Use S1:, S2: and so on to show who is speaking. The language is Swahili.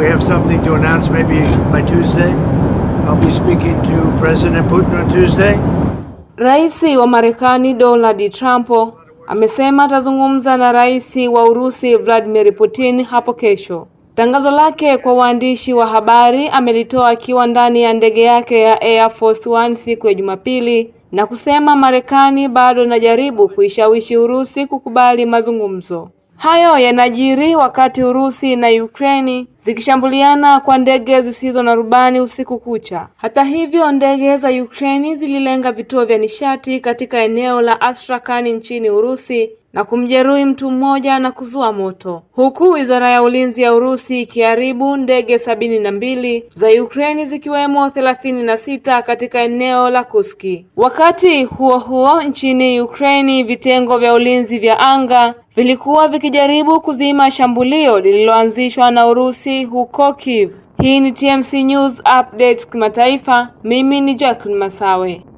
S1: we have something to announce maybe by Tuesday. I'll be speaking to President Putin on Tuesday.
S2: Rais wa Marekani Donald Trump amesema atazungumza na Rais wa Urusi Vladimir Putin hapo kesho. Tangazo lake kwa waandishi wa habari amelitoa akiwa ndani ya ndege yake ya Air Force One siku ya Jumapili na kusema Marekani bado inajaribu kuishawishi Urusi kukubali mazungumzo. Hayo yanajiri wakati Urusi na Ukraini zikishambuliana kwa ndege zisizo na rubani usiku kucha. Hata hivyo, ndege za Ukraini zililenga vituo vya nishati katika eneo la Astrakhan nchini Urusi na kumjeruhi mtu mmoja na kuzua moto, huku wizara ya ulinzi ya Urusi ikiharibu ndege sabini na mbili za Ukraine zikiwemo thelathini na sita katika eneo la Kuski. Wakati huo huo, nchini Ukraine vitengo vya ulinzi vya anga vilikuwa vikijaribu kuzima shambulio lililoanzishwa na Urusi huko Kiev. Hii ni TMC News Updates kimataifa. Mimi ni Jacqueline Masawe.